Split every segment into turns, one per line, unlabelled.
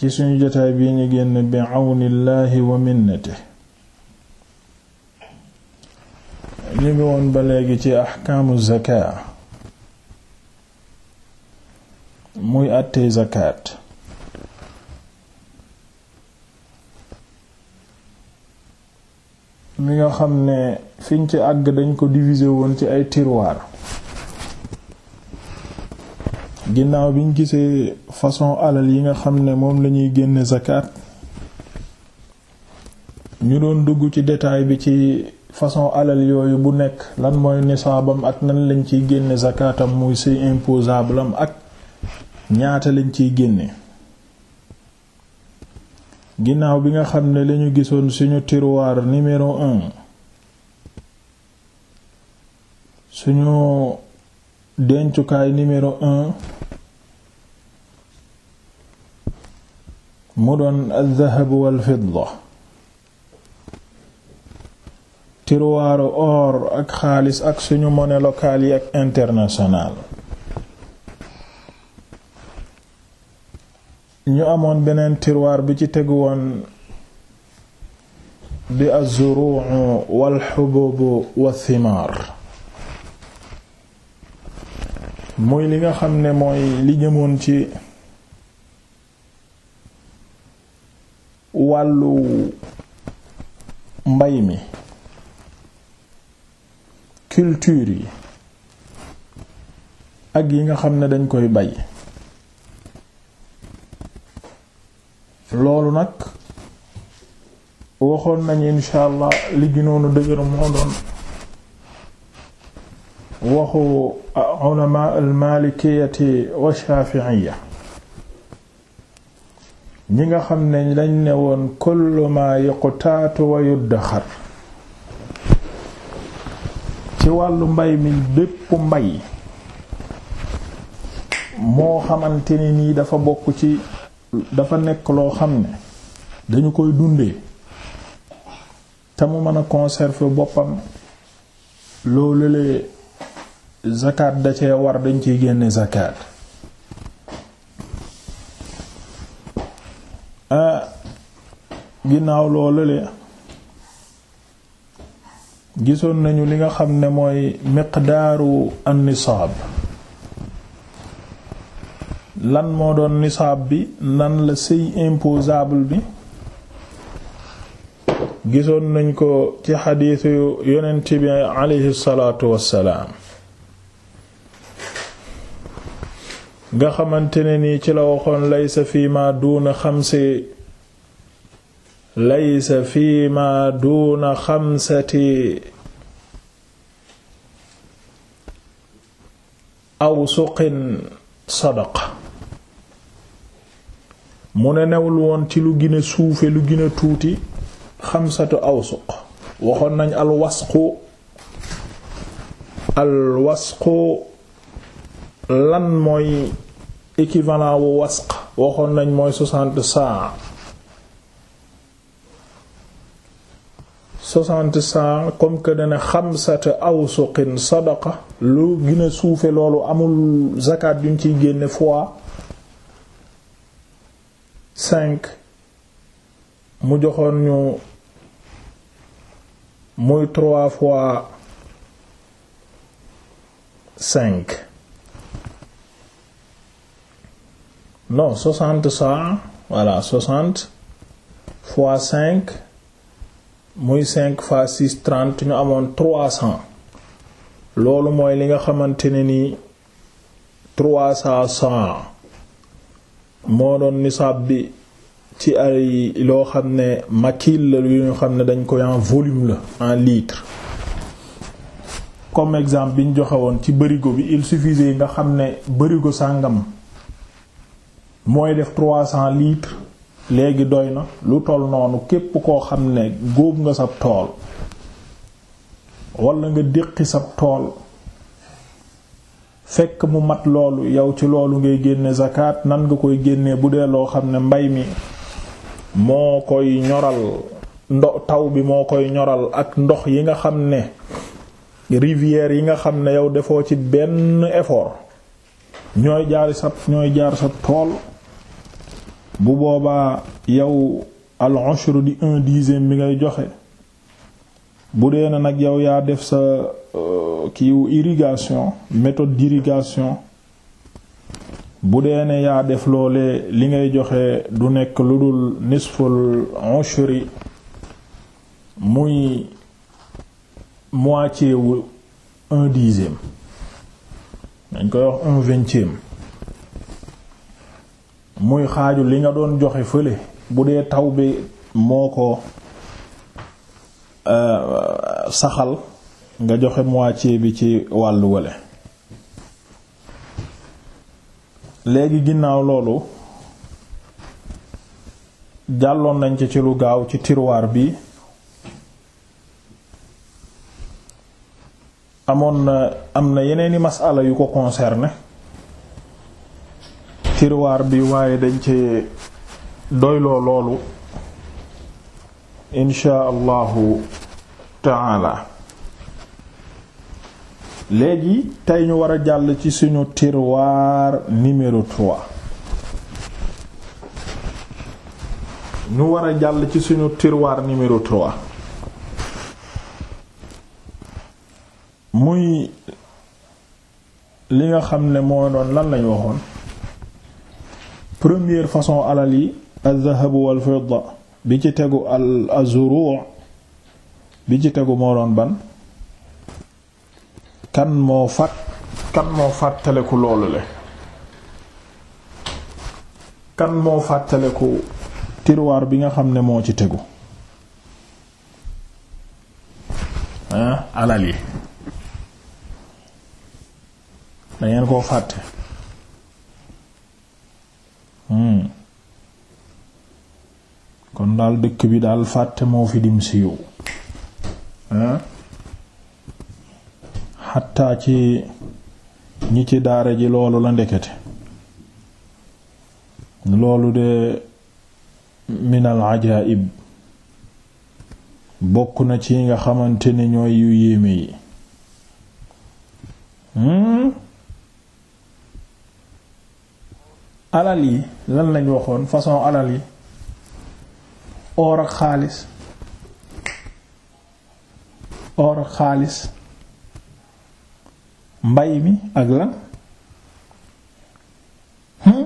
ci suñu jotaay bii ñu génn bi àwnillaahi wa minnate ñu ngi woon ba léegi ci axkaamu zakaa muy àttee zakaat mi nga xam ne fiñ ci àgg dañ ko divisé woon ci ay tiroir ginnaaw biñ gisee façon alal yi nga xam ne moom lañuy génne zakat ñu doon dugg ci détail bi ci façon alal yooyu bu nekk lan mooy nisaabam ak nan lañ ciy génne zakatam muy c'est imposable am ak ñaata lañ ciy génne ginnaaw bi nga xam ne lañu gisoon suñu tiroir numéro un suñu dencukaay numéro un mu doon aldahab walfidda tiroiru or ak xaalis ak suñu monnaie locale yi ak internationale ñu amoon beneen tiroir bi ci tegu woon di azuruu walxububu wathimaar muy li nga xam ne mooy li jëmoon ci wàllu mbay mi culture yi ak yi nga xam ne dañ koy bay loolu nag waxoon nañu insha allah li ginoonu dëgër moo doon waxu ulama al malikiyati wa ñi nga xam ne lañ ne woon kullu ma yuqtaatu wa yuddaxar ci wàllu mbay mi bépp mbay moo xamante ni nii dafa bokk ci dafa nekk loo xam ne dañu koy dundee te mu mën a conserver boppam loo le zakat da cee war dañ ciy génne zakat Ah, ginaaw loolu le gisoon nañu li nga xam ne mooy miqdaaru an-nisaab lan moo doon nisaab bi nan la sëy imposable bi gisoon nañ ko ci xadiisu yonent bi aleyhi wassalaam nga xamante ne nii ci la waxoon laysa fii ma laysa fii ma duuna xamsati aw suqin sadaqa mu ne newul woon ci lu gën a suufe lu gën a tuuti xamsatu awsuq waxoon nañ alwasqu alwasqu lan mooy équivalent wu wasq waxoon nañ mooy soixante saa comme que dana aw awsuqin sadaqa lu gën a loolu amul zakat yuñ ciy génne fois cinq mu joxoon ñu muy trois fois non soixante voilà soixante fois cinq muy cinq fois six trente ñu amoon trois cents loolu mooy li nga xamante ne ni trois cents cents moo doon nisaab bi ci ay loo xam ne makil la yu ñu xam ne dañ koy en volume la en litre comme exemple bi ñu joxe woon ci barigo bi il suffisait nga xam ne barigo sàngam mooy def trois cents léegi doy na lu toll noonu képp koo xam ne góob nga sab tool walla nga déqi sab tool fekk mu mat loolu yow ci loolu ngay génne zakat nan nga koy génnee bu dee loo xam ne mbay mi moo koy ñoral taw bi moo koy ñoral ak ndox yi nga xam ne rivière yi nga xam ne yow defoo ci benn effort ñooy jaari sab ñooy jaar sa tool bu boobaa yow al ushru di un dixième bi ngay joxe bu dee na nag yow yaa def sa euh, kiiwu irrigation méthode d'irrigation bu dee ne yaa def loolee li ngay joxe du nekk lu dul nisful ushri muy moitié wu un dixième dañ koy wax un vingtième muy xaaju li nga doon joxe fële bu dee taw bi moo ko euh, saxal nga joxe moitié bi ci wàlluwale léegi ginnaaw loolu jàlloon nañ ci lu gaaw ci tiroir bi amoon na am na yeneeni masala yu ko concerné tiruwaar bi waaye dañ ci doyloo loolu inshaa allahu taala léegi tey ñu war a jàll ci suñu tiroir numéro 3 ñu war a jàll ci suñu tiroir numéro 3 muy li nga xam ne moo doon lan lañu waxoon première façon alal yi az-zahab wal fidda bi ci tegu al azuru bi ci tegu moo doon ban kan moo fat kan moo fàttaleku loolu le kan moo fàttaleku tiroir bi nga xam ne moo ci tegu ah alal yi dangeen koo fàtte Hmm. kon daal dëkk bi daal fàtte moo fi dim siiw xattaa eh? ci ñi ci daara ji loolu la ndekete loolu de minal ajaib bokk na ci nga xamante ne ñooy yu yéeme yi hmm? alal yi lan lañ waxoon façon alal yi or ak xaalis or ak xaalis mbay mi ak lan hmm?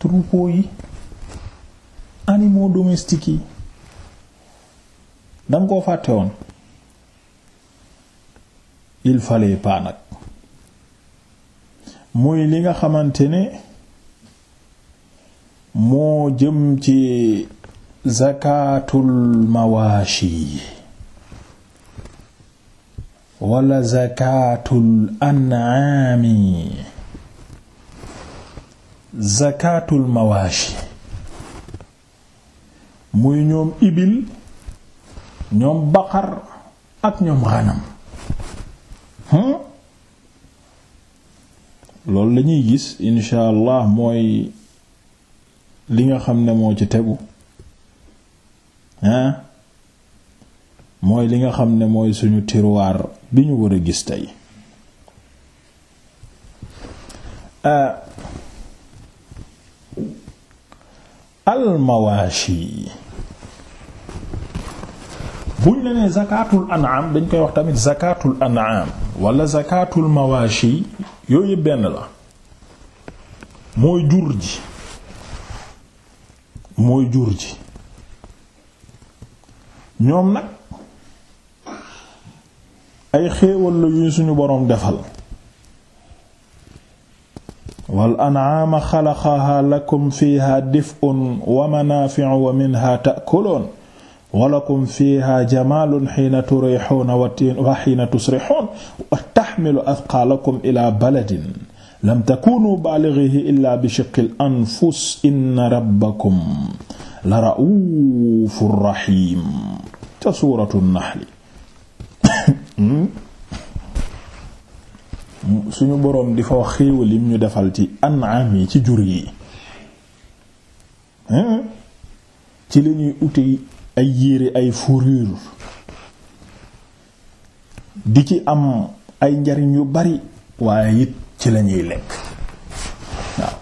troupeau yi animaux domestiques yi danga koo fàtte woon il fallait pas muy li nga xamante ne moo jëm ci zakatul mawashi wala zakatul an'ami zakatul mawashi muy ñoom ibil ñoom baqar ak ñoom xanam hmm? loolu lañuy gis incha mooy li nga xam ne moo ci tegu mooy li nga xam ne mooy suñu tiroir bi ñu war a gis tey euh, almawaashi buñ la nee zakaatul an'am dañ koy wax tamit zakaatul an'am wala zakaatul mawaashi yooyu yëpp benn la mooy jur ji mooy jur ji ñoom nag ay xéewal la yu suñu boroom defal wal an'aama xalaqahaa lakum fiihaa dif'un wa manaafi'u wa minhaa ta'kuluun walakum fiha jamalun xiina turixuuna wa xiina tusrixuun wa taxmilu asqaalakum ila baladin lam takunu balighihi illa bi shiqqil anfus inna rabbakum la ra'uufur raxiim ca suuratu naxli suñu boroom di fa wax xéewal yim ñu defal ci an'am yi ci jur yi ci li ñuy ute ay yére ay fourrure di ci am ay njariñ yu bari waaye it ci lañuy lekk waaw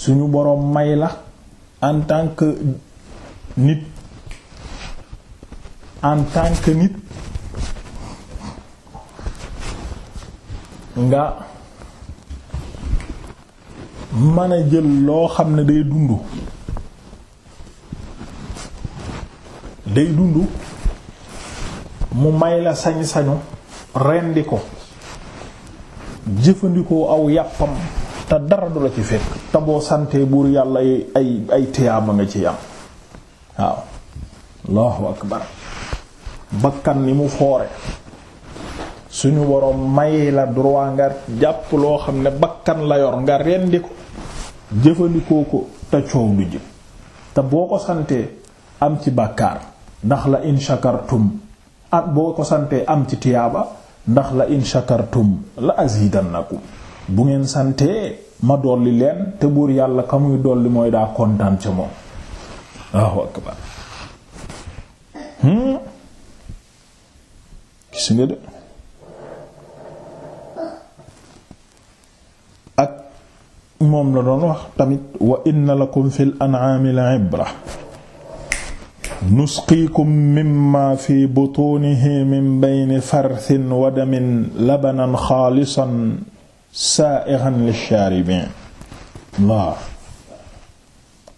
suñu boroom may la en tant nit en nit nga mën a jël loo xam ne day dund day dund mu may la sañ-sañu rendi ko jëfandikoo aw yàppam te dara du la ci fekk taboo sante buur yàlla ay ay tiyaama nga ci am waaw allahu akbar bakkan ni mu foore suñu boroom may la droit nga jàpp loo xam ne bakkan la yor nga rendi ko jëfandikoo ko te coow lu jëm te boo ko santee am ci bàkkaar ndax la in shakartum ak ah, boo ko santee am ci tiyaaba ndax la in shakartum la azidannakum bu ngeen santee ma dolli leen te buur yàlla ka muy dolli mooy daa kontaan ca moom waaw akbar hmm? gis nga de moom la doon wax tamit wa inna lakum fil an'ami la'ibra nusqiikum mimma fi butunihi min bayni farthin wa damin labanan xaalisan saa'igan lish-shaaribiin Allah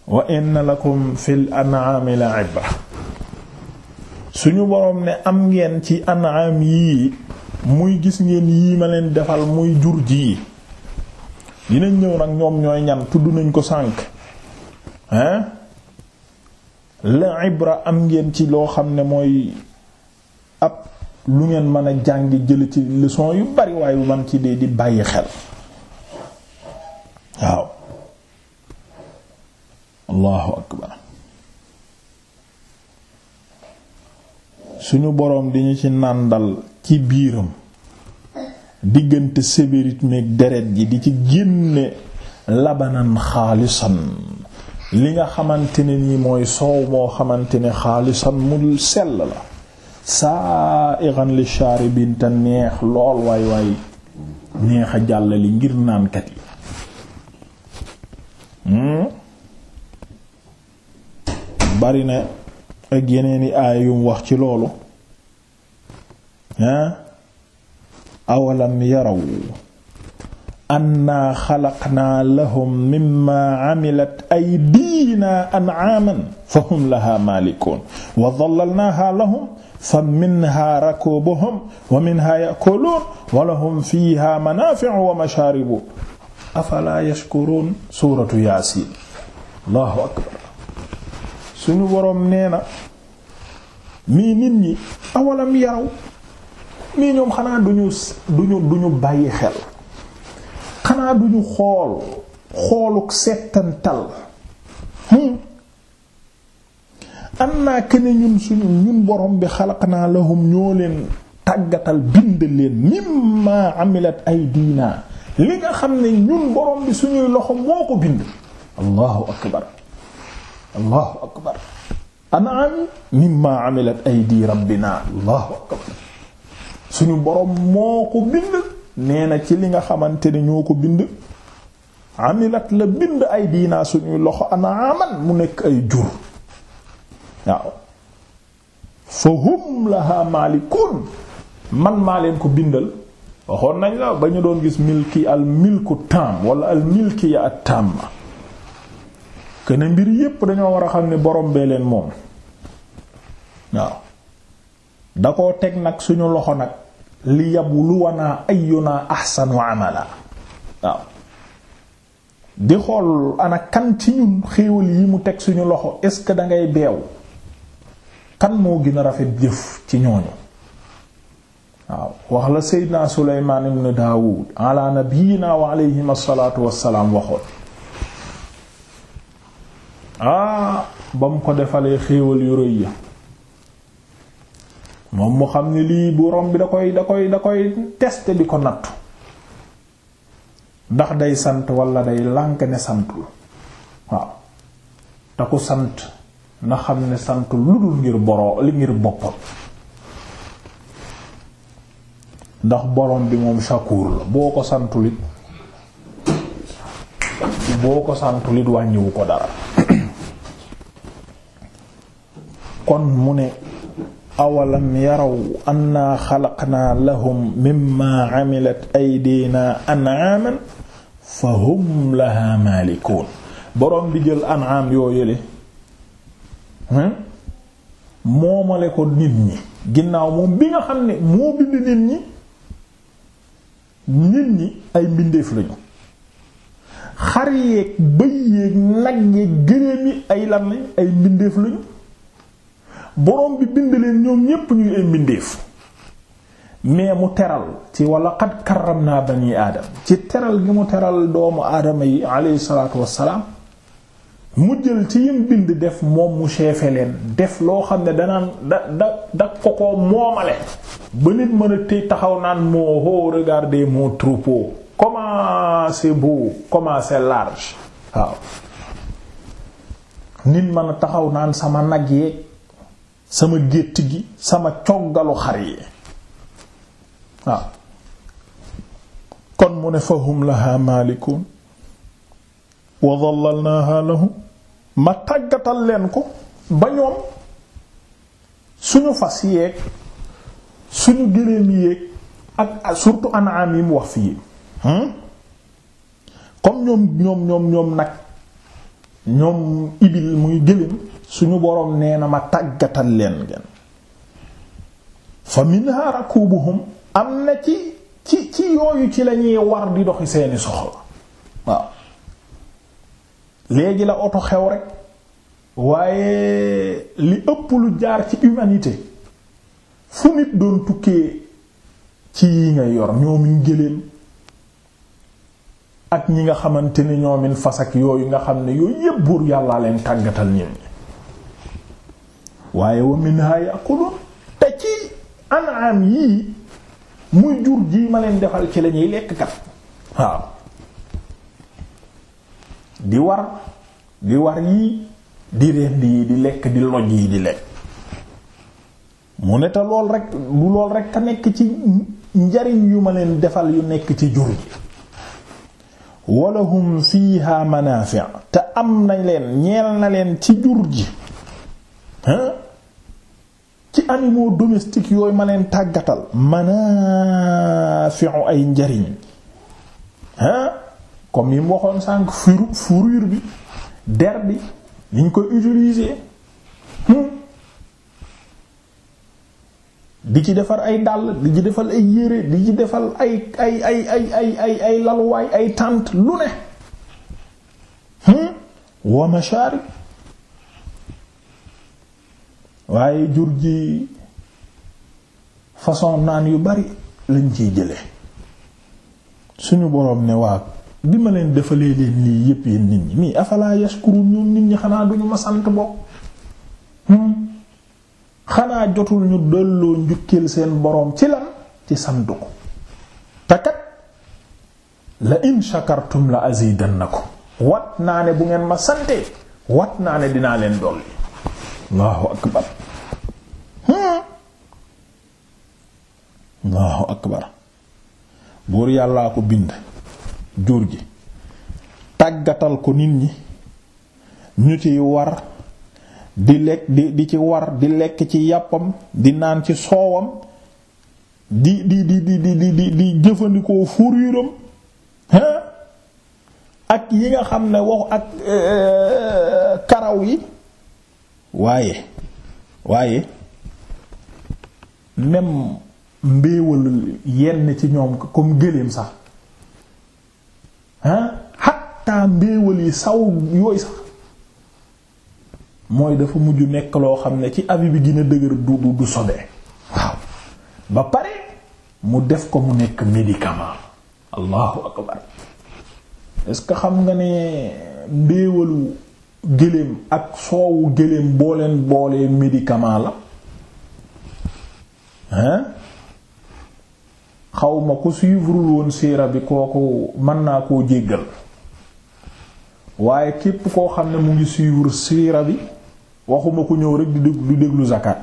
wa inna lakum fil an'ami la'ibra suñu boroom ne am ngeen ci an'am yii muy gis ngeen yii ma leen defal muy jur ji dinañ ñëw nag ñoom ñooy ñan tudd nañ ko sànq hein la ibra am ngeen ci loo xam ne mooy ab lu ngeen mën a jàng jël ci leçon yu bari waaye man ci dee di bàyyi xel waaw allahu akbar suñu boroom di ñu ci nàndal ci biiram diggante sébérite meeg deret ji di ci génne labanan xaalisan li nga xamante ne nii mooy soow moo xamante ne xaalisan mu sell la saa iran li shaaribin neex lool waay waay neex jàll jàllali ngir naankat yi hmm? bari na ak yeneeni i aay yum wax ci loolu ah awalam yaraw anna xalaqnaa lahum mimma amilat aydiina an'aaman fahum lahaa maalikuun wa dallalnaahaa lahum fa minhaa rakuubuhum wa minhaa ya'kuluun wa lahum fiihaa manaafi'u wa mashaaribu afalaa yashkuruun suuratu yaasiin allahu akbar suñu boroom nee na mii nit ñi awalam yaraw mais ñoom xanaa duñu duñu duñu bàyyi xel xanaa duñu xool xooluk settantal hmm? am naa kene ñun suñu ñun borom bi xalaq naa lahum ñoo leen tàggatal bind leen mimma amilat aydina li nga xam ne ñun borom bi suñuy loxo moo ko bind allahu akbar allahu mimma amilat aydi rabbina allahu akbar suñu borom moo ko bind nee na ci li nga xamante ne ñoo ko bind amilat la bind ay diinaa suñuy loxo anaaman mu nekk ay jur waaw fa hum laha malikun man maa leen ko bindal waxoon nañ la ba ñu doon gis milki al milku tam wala al milki ya at tam kene mbir yépp dañoo war a xam ne borom bee leen moom waaw da koo teg nag suñu loxo nag li yabluwanaa ayyunaa ahsanu amala waaw di xool ana kan ci ñun xéewal yi mu teg suñu loxo est ce que da ngay beew kan moo gën a rafet jëf ci ñooñu waaw wax la seydna suleymaan ibn daawud ala nabiyina wa alayhim asalaatu wassalaam waxoon ah ba mu ko defalee xéewal yu rëy moom mu xam ne lii borom bi da koy da koy da koy tester di ko nattu ndax day sant walla day lànk ne santul waaw te sant na xam ne sant lu dul ngir boroo li ngir boppam ndax borom bi moom shakur la boo ko santulit boo ko lit wàññiwu ko dara kon mu ne awalam yaraw anna xalaqnaa lahum mimma amilat aydina an'aaman fa hum lahaa maalikuun boroom bi jël an'aam yoo yële moomale ko nit ñi ginnaaw moom bi nga xam ne moo bind nit ñi nit ñi ay mbindeef lañu xar yeeg bëy yeeg nag yeeg gëléem yi ay lan lañ ay mbindeef lañu borom bi bind leen ñoom ñépp ñuy ay mbindeef mais mu teral ci wala qad karramna bani aadam ci teral gi mu teral doomu aadama yi alayhi salaatu mu jël ci yim bind def moom mu cheefe leen def loo xam ne danaan da da da ko ko moomale ba nit mën a tey taxaw naan moo ho regardez mon troupeau comment c'est beau comment large waaw nit mën a taxaw naan sama nag yi sama gétt gi sama coggalu xar yi waaw kon mu ne fahum laha maalikun wa dallalnaha lahum ma tàggatal leen ko ba ñoom suñu fas yeeg suñu gëléem yeeg ak surtout anaam yi mu wax fii hmm? comme ñoom ñoom ñoom ñoom nag ñoom ibil muy gëléem suñu boroom nee na ma tàggatal leen ngeen fa minha rakubuhum am na ci ci ci yooyu ci lañuy war di doxi seeni soxla waaw léegi la oto xew rek waaye li ëpp lu jaar ci humanité fu nit doon tukkee ci yi ngay yor ñoomin géléem ak ñi nga xamante ni ñoomin fas ak yooyu nga xam ne yooyu yépp buur yàllaa leen tàggatal ñin ñi waaye wa minha yaqulun te ci an'am yii muy jur ji ma leen defal ci lañuy lekk kat waaw di war di war yii di rend yi di lekk di loj yi di lekk mu ne te lool rek du lool rek a nekk ci njariñ yu ma leen defal yu nekk ci jur ji walahum fiha manaafi' te am na leen ñeel na leen ci jur ji ci animaux domestiques yooyu ma leen tàggatal manaafi'u ay njariñ hein comme yi mu waxoon sànq furu bi der bi niñ koy utiliser hmm? di ci defar ay dàll di ci defal ay yére di ci defal ay ay ay ay ay ay ay laluwaay ay tànt lu ne hmm? wa masharib waaye jur ji façon naan yu bari lañ ci jële suñu boroom ne waa bi ma leen defalee leen lii yépp yéen nit ñi mii afalaa yashkurun ñoom nit ñi xanaa duñu ma sant bokk hmm? xanaa jotul ñu delloo njukkeel seen boroom ci lan ci sant ko te la in shakartum la azidannakum wat naa ne bu ngeen ma sante wat naa ne dinaa leen dolli allahu akbar hmm. allahu akbar buur yàllaa ko bind jur gi tàggatal ko nit ñi ñu ciy war di lekk di di ci war di lekk ci yàppam di naan ci soowam di di di di di di di jëfandikoo furiiram ak yi nga xam ne wax ak euh, karaw yi waaye waaye même mbéewal yenn ci ñoom comme gëléem sax ah xatta mbéewal yi saw yooyu sax mooy dafa mujj nekk loo xam ne ci abi bi gën a dëgër du du du sobee waaw ba pare mu def ko mu nekk médicament allahu akbar est que xam nga ne mbéewalu gëléem ak soowu gëléem boo leen boolee médicament la hein xawma ku suivre woon siira bi kooku mën naa koo jéggal waaye képp koo xam ne mu ngi suivre siira bi waxuma ku ñëw rek di déglu zakat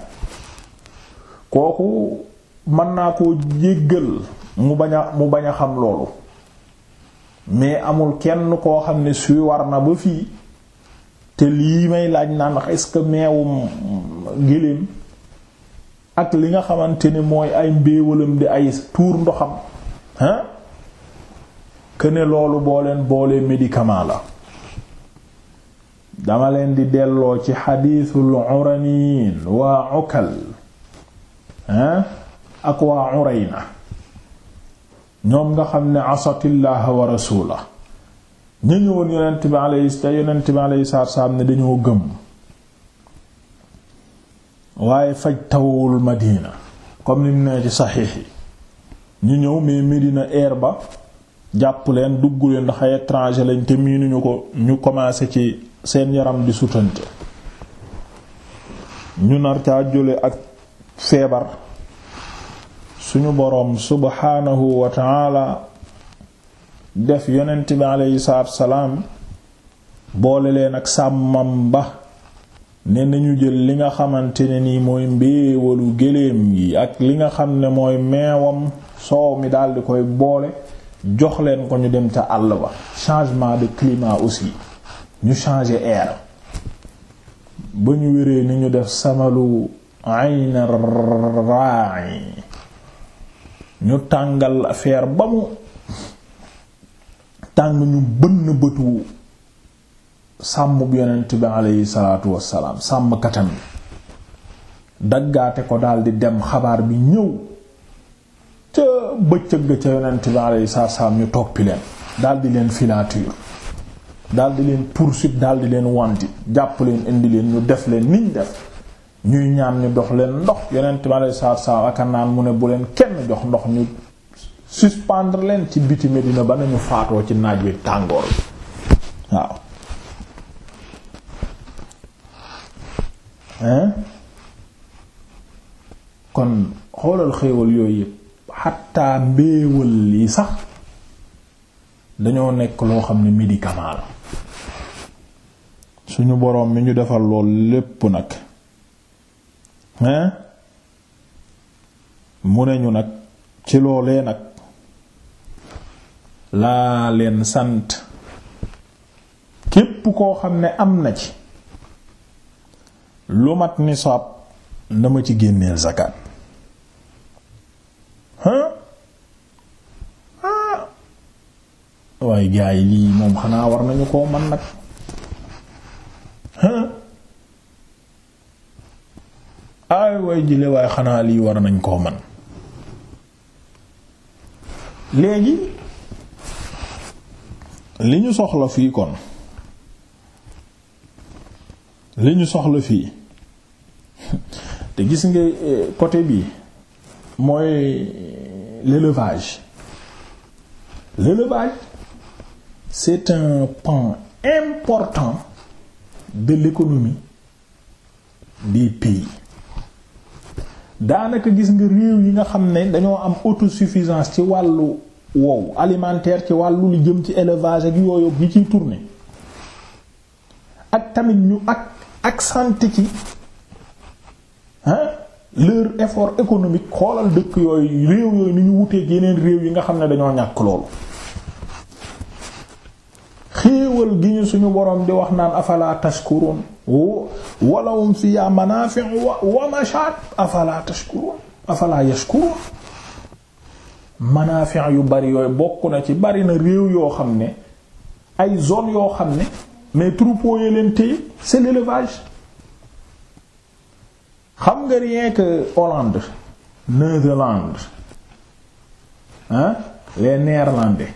kooku mën naa koo jéggal mu bañ a mu bañ a xam loolu mais amul kenn koo xam ne suy war na ba fii te lii may laaj naan est-ce que meewum géléem ak li nga xamante ni mooy ay mbéewalam di ay tuur ndoxam ah que loolu boo leen boolee médicament la dama leen di delloo ci xadiisul uraniin waa ukal ah ak waa urayna ñoom nga xam ne asatillaha wa rasula ñu ñëwoon yonent bi alayhi ca yonent bi alayhi salaam ne dañoo gëm waaye faj tawul Madina comme ni mu nee ci saxiix yi ñu ñëw mais Medina air ba jàpp leen dugg leen ndax ay étranger lañ te miinuñu ko ñu commencé ci seen yaram di sutante ñu nar ca jole ak feebar suñu boroom subhaanahu wa ta'ala def yonent bi aleyhi salaatu salaam boole leen ak sàmmam ba ne nañu jël li nga xamante ne nii mooy mbéewalu géléem gi ak li nga xam ne mooy meewam soow mi daldi koy boole jox leen ko ñu dem ca àll ba changement de climat aussi ñu changer air ba ñu wéree ni ñu def samalu ayna ra'i ñu tàngal affaire ba mu tàng ñu bënn bëtu sàmm bu yonent bi aleyhi salaatu wassalaam sàmm katam daggaate ko daldi dem xabaar bi ñëw ca bëccëg ca yonent bi aleyhi salaatu wassalaam ñu toppi leen daldi leen filature daldi leen poursuite daldi leen wanti jàpp leen indi leen ñu def leen niñ def ñuy ñaan ñu dox leen ndox yonent bi aleyhi salaatu wassalaam ak naan mu ne bu leen kenn jox ndox ñu suspendre leen ci biti Medina ba nañu faatoo ci naaj wi tàngoor bi waaw hein kon xoolal xéewal yooyu yëpp xattaa mbéewal yi sax dañoo nekk loo xam ne médicament la suñu boroom mi ñu defal lool lépp nag hein mu ne ñu nag ci loolee nag laa leen sant képp koo xam ne am na ci lu mat nisaab na ma ci génneel zakat ha ha waaye gaa yi lii moom xanaa war nañu koo man nag ha ay way jile waaye xanaa lii war nañ koo man léegi li ñu soxla fii kon li ñu soxla fii te gis nga eh, côté bi mooy eh, l'élevage l'élevage c'est un pan important de l'économie des pays daanaka gis nga réew yi nga xam ne dañoo am autosuffisance ci wàllu wow alimentaire ci wàllu jëm ci élevage ak yooyu yi ciy tourner ak tamit ñu ak accenté ci hein leur effort économique xoolal dëkk yooyu réew yooyu ni ñu wuteeg yeneen réew yi nga xam ne dañoo ñàkk loolu xéewal gi ñu suñu boroom di wax naan afala tashkurun walahum fiya manafi'u wa mashat afala tashkurun manaafi yu bari yooyu bokk na ci bari na réew yoo xam ne ay zone yoo xam ne mais troupeau yi leen téye c'est l'élevage xam nga rien que Hollande Netherlands hein les néerlandais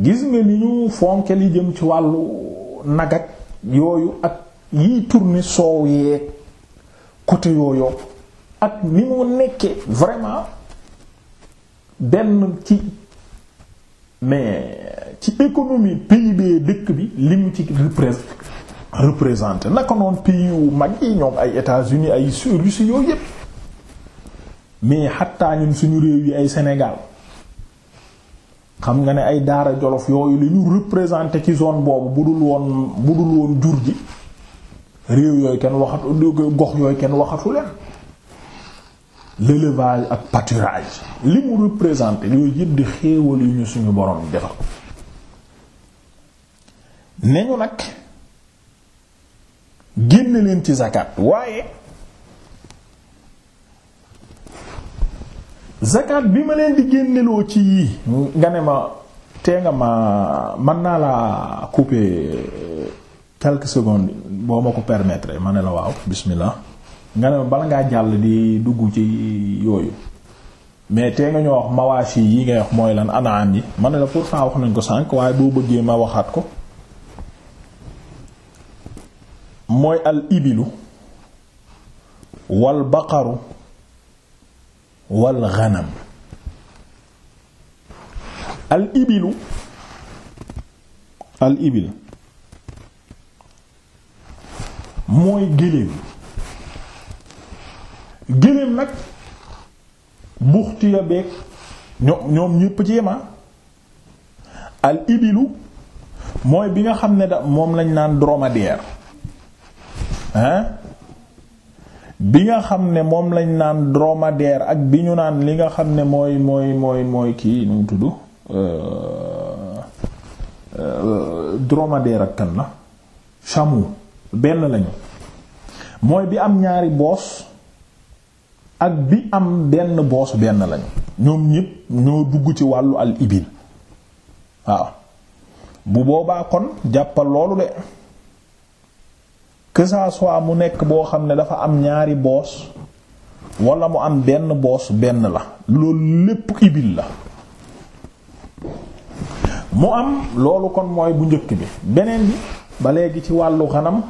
gis nga ni ñu fonke li jëm ci wàllu nagak yooyu ak yiy tourner soow yeeg côté yooyu ak ni mu nekkee vraiment benn ci mais ci économie pays bi dëkk bi li mu ci représenté naka noonu pays yu mag yi ñoom ay États-Unis ay Russie yooyu yëpp mais xattaa ñun suñu réew yi ay Sénégal xam nga ne ay daara jolof yooyu li ñu représenté ci zone boobu bu dul woon bu dul woon jur ji réew yooyu kenn waxatu gox yooyu kenn waxatu leen l'élevage ak pâturage li mu représenté yooyu yëpp di xéewal yu ñu suñu borom yi defal ne ñu nag génn leen ci zakat waaye zakat bi ma leen di génneloo ci yii nga ne ma tee nga ma mën naa laa couper quelques secondes boo ma ko permettre ma ne la waaw bismillah nga ne bala ngaa jàll di dugg ci yooyu mais tee nga ñoo wax mawashi yi ngay wax mooy lan anaam yi ma ne la pourtant wax nañ ko sànq waaye boo bëggee ma waxaat ko mooy al ibilu wal baqaru wal ghanam al ibilu al ibil mooy géléem géléem nag buxti ya beeg ñoom ñoom ñépp ci yema ah. al ibilu mooy bi nga xam ne da moom lañ naan dromadaire hein bi nga xam ne moom lañ naan dromadaire ak bi ñu naan li nga xam ne mooy mooy mooy kii nu mu tudd euh, euh, dromadaire ak kan na chameau benn lañu mooy bi am ñaari boos ak bi am benn boos benn lañu ñoom ñépp ñoo dugg ci wàllu al ibil waaw bu boobaa kon jàppal loolu de que ça mu nekk boo xam ne dafa am ñaari boos wala mu am benn boos benn la loolu lépp ibil la mu am loolu kon mooy bu njëkk bi beneen bi ba léegi ci wàllu xanam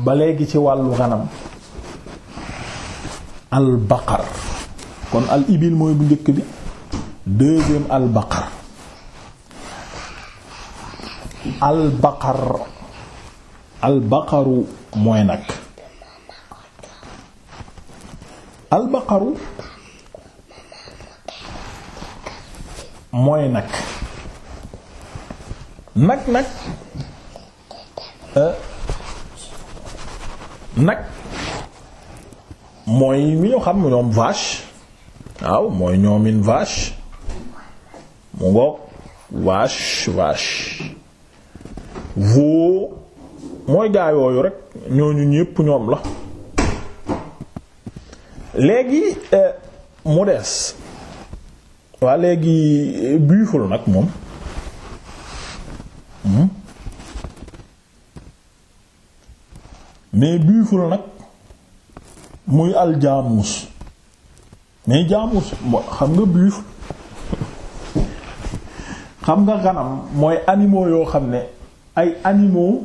ba léegi ci wàllu ganam al baqar kon al ibil mooy bu njëkk bi deuxième al baqar al baqar al baqaru mooy nag al mooy nag nag nag. Euh, nag mooy mi ñu xam ñoom vache waaw mooy ñoomin vache mu ngoog vache vache veau mooy gaayooyu rek ñooñu ñépp ñoom la léegi euh, mu des waa léegi buffle nag moom hmm? mais buuful nag muy aljaamuus mais jaamuus xam nga buuf xam nga ganam mooy animaux yoo xam ne ay animaux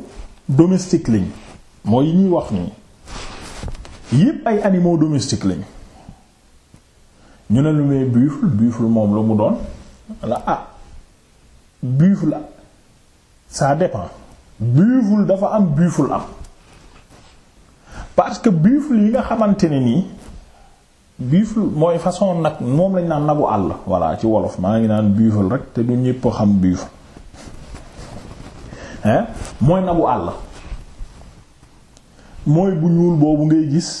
domestiques lañ mooy yi ñuy wax nii yépp ay animaux domestiques lañ ñu ne lu may buffle buffle moom lu mu doon walla ah buffle ça dépend buffle dafa am buffle am parce que buffle yi nga xamante ne nii buffle mooy façon nag moom lañ naan nagu àll voilà ci wolof maa ngi naan buffle rek te du ñëpp xam buffle hein mooy nagu àll mooy bu ñuul boobu ngay gis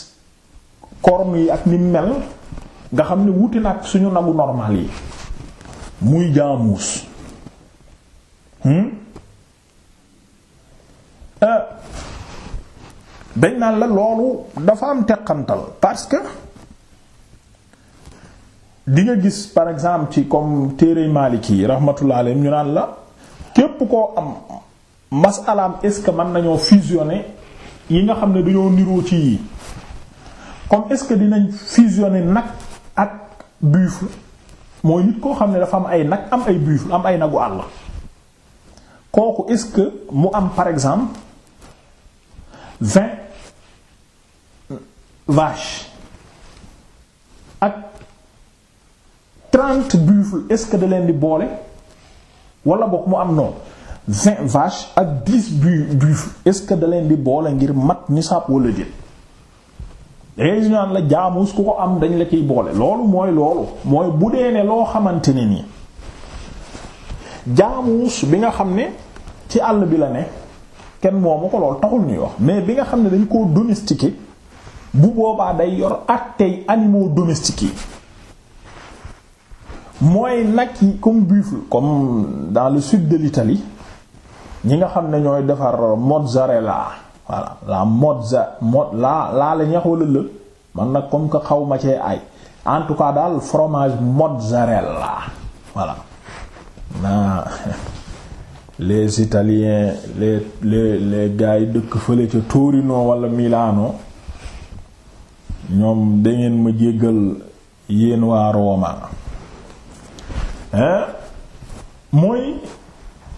corne yi ak ni mel nga xam ne wuute nag suñu nagu normal yi muy jaamuus hmm? euh, dañ naan la loolu dafa am teqantal parce que di nga gis par exemple ci comme téere Maliki yi rahmatullah alayhi ñu naan la képp koo am masalaam est-ce que mën nañoo fusionner yi nga xam ne dañoo niroo ci yii comme est-ce que dinañ fusionner nag ak buffle mooy nit koo xam ne dafa am ay nag am ay buffle am ay nagu àll kooku est-ce que mu am par exemple vache ak trente buffles est-ce que da leen di boole wala boog mu am noonu vingt vaches ak dix buffles est-ce que da leen di boole ngir mat nisaab wala déet léegi naan la jaamus ku ko am dañ la ciy boole loolu mooy loolu mooy bu dee ne loo xamante ne nii jaamus bi nga xam ne ci àll bi la ne kenn moomu ko loolu taxul ñuy wax mais bi nga xam ne dañ koo domestiqué. bu boobaa day yor attey animaux domestiques yi mooy nag yi comme buffle comme dans le sud de l'Italie ñi nga xam ne ñooy defar mozzarella voilà la laa laa la ñax wala man nag comme que xaw ma ci ay en tout cas daal fromage mozzarella voilà les italiens les les les gars dëkk fële ca Torino wala milaano ñoom dangeen ma jéggal yéen waa Rooma hein mooy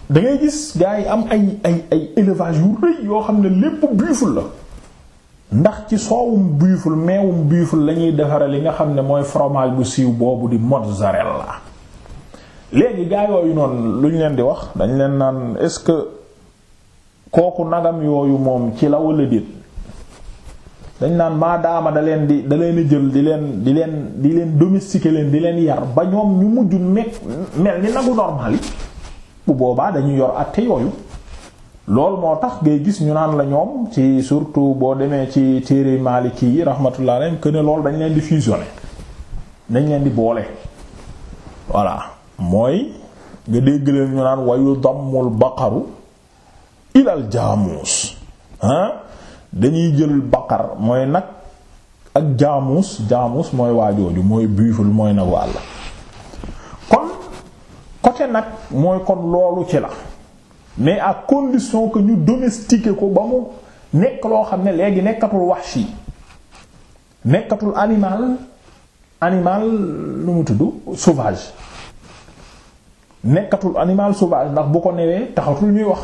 dangay gis gars yi am ay ay ay élevage yu rëy yoo xam ne lépp buffle la ndax ci soowum buffle meewum buffle lañuy ñuy defare li nga xam ne mooy fromage bu siiw boobu di mozzarella léegi gaa yooyu noonu lu ñu leen di wax dañ leen naan est-ce que kooku nagam yooyu moom ci la walla déet dañ naan maadaama da leen di da leen di jël di leen di leen di leen domestiquer leen di leen yar ba ñoom ñu mujj nekk mel ni nagu normal yi bu boobaa dañuy yor àtte yooyu loolu moo tax ngay gis ñu naan la ñoom ci surtout boo demee ci téere Maliki yi rahmatullah alayhi que ne loolu dañ leen di fusionner dañ leen di boole voilà mooy nga dégg leen ñu naan wayu dammul baqaru ilal jaamuus ah dañuy jël waqar mooy nag ak jaamuus jaamuus mooy waajooju mooy buiful mooy nag wàlla kon côté nag mooy kon loolu ci la mais ak condition que ñu domestiquer ko ba mu nekk loo xam ne léegi nekkatul wahshi nekkatul animal animal lu mu tudd sauvage nekkatul animal sauvage ndax bu ko newee taxatul ñuy wax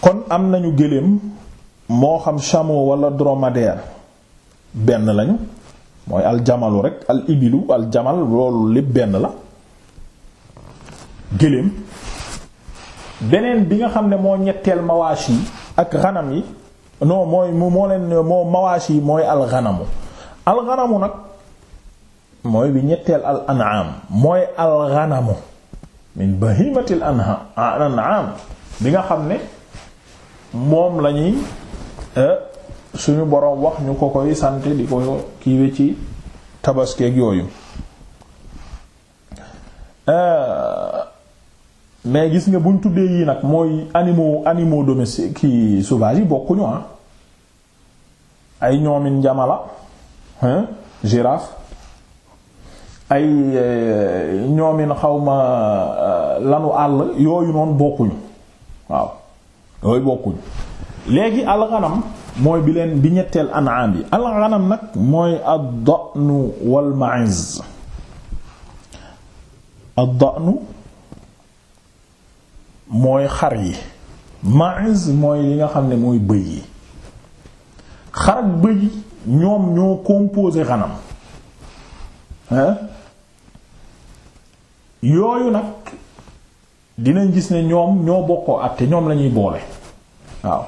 kon am nañu gëléem moo xam chameau wala dromadaire benn lañu mooy aljamalu rek al aljamal loolu lépp benn la gëléem beneen bi nga xam ne moo ñetteel mawaas yi ak xanam yi non mooy moo leen moo mawaas yi mooy alxanamu alxanamu nag mooy bi ñetteel al an'am mooy alxanamu min bahimatil an'am bi nga xam ne moom lañuy Euh, suñu boroom wax ñu ko koy sant di ko kiiwe ci tabaskeeg yooyu euh, mais gis nga buñ tuddee yii nag mooy animaux animaux domestiques ki sauvages yi bokkuñu ah. ay ñoomin njamala hein ay euh, ñoomin xawma lanu àll yooyu noonu bokkuñu waaw yooyu bokkuñu léegi alxanam mooy bi leen bi ñetteel an'am bi alxanam nag mooy ad-da'nu wal ma'iz ad-da'nu mooy xar yi ma'iz mooy li nga xam ne mooy bëy yi xar ak bëy ñoom ñoo composé xanam yooyu nag dinañ gis ne ñoom ñoo bokkoo àtte ñoom lañuy boole waaw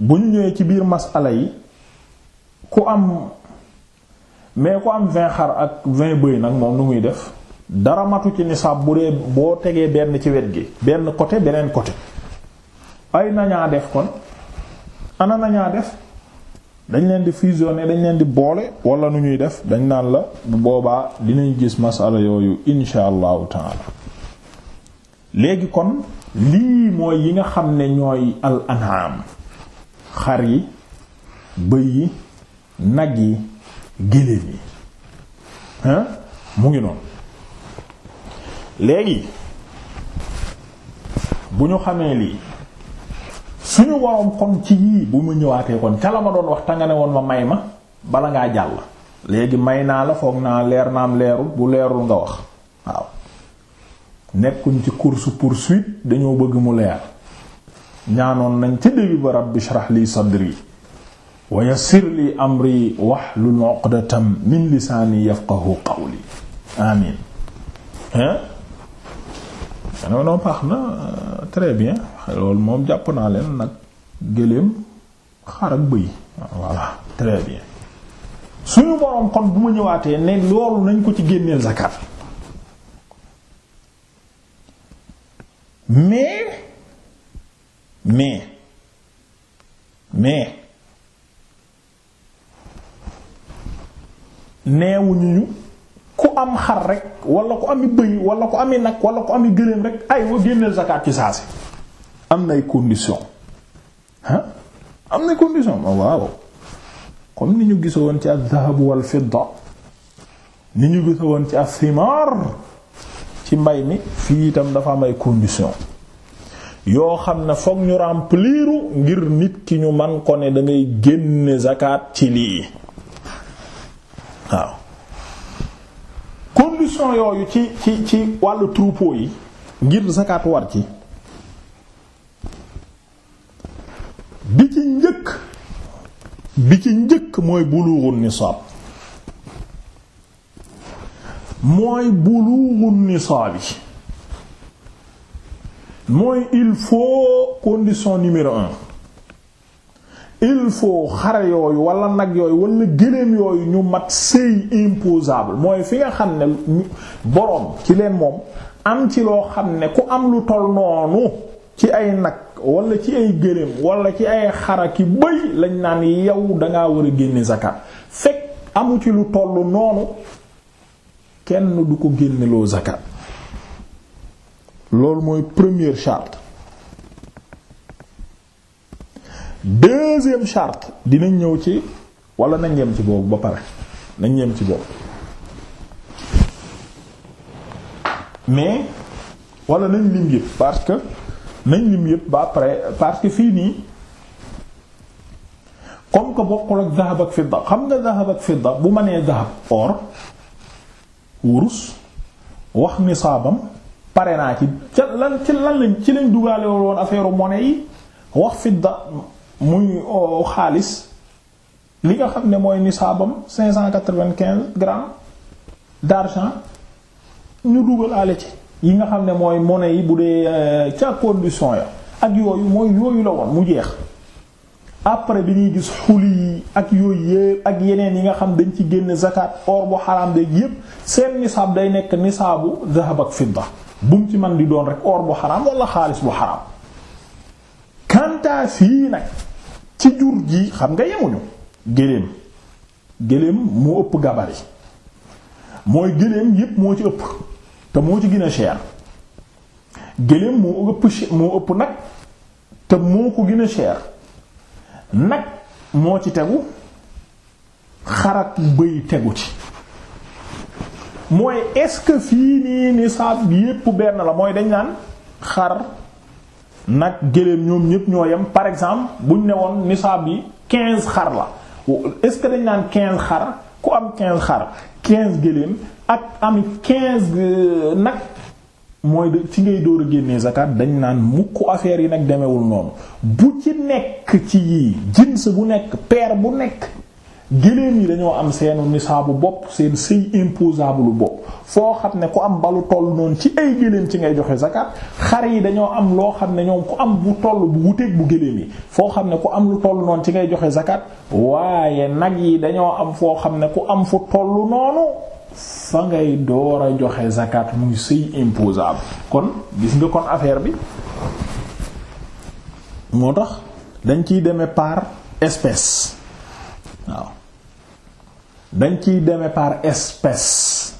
bu ñu ñëwee ci biir masala yi ku am mais ku am vingt xar ak vingt bëy nag moom nu muy def dara matu ci ni nisaab bu dee boo tegee benn ci wet gi benn côté beneen côté ay nañaa def kon ana nañaa def dañ leen di fusionner dañ leen di boole wala nu ñuy def dañ naan la bu boobaa dinañ gis masala yooyu insha allahu taala léegi kon lii mooy yi nga xam ne ñooy al an'am xar yi bëy yi nag yi géléem yi hein mu ngi noonu léegi bu ñu xamee lii suñu waroom xom ci yii bu mu ñëwaatee kon ca la ma doon wax tanga ne woon ma may ma bala ngaa jàll léegi may naa la foog naa leer naam leerul bu leerul nga wax waaw nekkuñ ci course poursuite dañoo bëgg mu leer ñaanoon nañ ca débbi ba rabbi ishrah li sadri wa yassir li amri wahlul uqdatam min lisaani yafqahu qawli amin hein non non baax na très bien loolu moom jàpp naa leen nag gëléem xar ak bëy voilà très bien suñu boroom kon bu ma ñëwaatee ne loolu nañ ko ci génneel zakat mais mais mais neewuñu ñu ku am xar rek walla ku am bëy wala ku ami nag wala ku ami gëléem rek ay wa génneel zakat ci saa si am nay condition ah am nay condition ma ah, waaw comme ni ñu woon ci az-zahab wal fidda ni ñu woon ci as-simar ci mbay mi fii itam dafa am ay condition yoo xam ne foog ñu rempliru ngir nit ki ñu man ko ne dangay génne zakat ci lii waaw condition yooyu ci ci ci wàllu troupeau yi ngir zakat war ci bi ci njëkk bi ci njëkk mooy bulughun nisaab mooy bulughun nisaabi mooy il faut condition numéro un il faut xare yooyu wala nag yooyu wala gëléem yooyu ñu mat sëy imposable mooy fi nga xam ne boroom ci leen moom am ci loo xam ne ku am lu tol noonu ci ay nag walla ci ay gëléem walla ci ay xaraki bëy lañ naan yow danga war a génne zakat fekk amu ci lu toll noonu kenn du ko génneloo zakat loolu mooy première charte deuxième charte dinañ ñëw ci wala nañ yem ci boobu ba pare nañ yem ci boobu mais walla nañ lim yëpp parce que nañ lim yëpp ba pare parce que fii nii comme que bokkul ak zahab ak fidda xam nga zahab ak fidda bu ma nee zahab or wurus wax nisaabam pare naa ci ca lan ci lan lañ ci lañ dugaale woon affaire monnaie yi wax fidda muy oh, xaalis li nga xam ne mooy nisaabam cinq cent quatre-vingt-quinze grammes d'argent ñu dugalaale ci yi nga xam ne mooy monnaie yi bu dee euh, ca condition ya ak yooyu mooy yooyu la woon mu jeex après bi ñuy gis xuli yi ak yooyu yépp ak yeneen yi nga xam dañ ci génn zakat or bu xaraam de yépp seen nisaab day nekk nisaabu zahab ak fidda bu mu ci man di doon rek or bu xaraam wala xaalis bu xaraam kantaa yii nag ci jur gi xam nga yemuñu géléem géléem moo ëpp gabari mooy géléem yépp moo ci ëpp te moo ci gën a cher géléem moo ëpp moo ëpp nag te moo ko gën a cher nag moo ci tegu xarak bëy tegu ci mooy est-ce que fii nii nisaab bi yépp benn la mooy dañ naan xar nag gëléem ñoom ñépp ñoo yem par exemple buñ ne woon nisaab bi quinze xar la est-ce que dañ naan quinze xar ku am quinze xar quinze gëléem ak am quinze euh, nag mooy fi ngay dóor a génnee zakat dañ naan mukk affaire yi nag demewul noonu bu ci nekk ci yii jins bu nekk paire bu nekk géléem yi dañoo am seenu nisaabu bopp seen sëy imposable lu bopp foo xam ne ku am balu toll noonu ci ay géléem ci ngay joxe zakat xar yi dañoo am loo xam ne ñoom ku am bu toll bu wuteeg bu géléem yi foo xam ne ku am lu toll noonu ci ngay joxe zakat waaye nag yi dañoo am foo xam ne ku am fu toll noonu fa ngay door a joxe zakat muy sëy imposable kon gis nga kon affaire bi moo tax dañ ciy deme par espèce waaw dañ ciy deme par espèce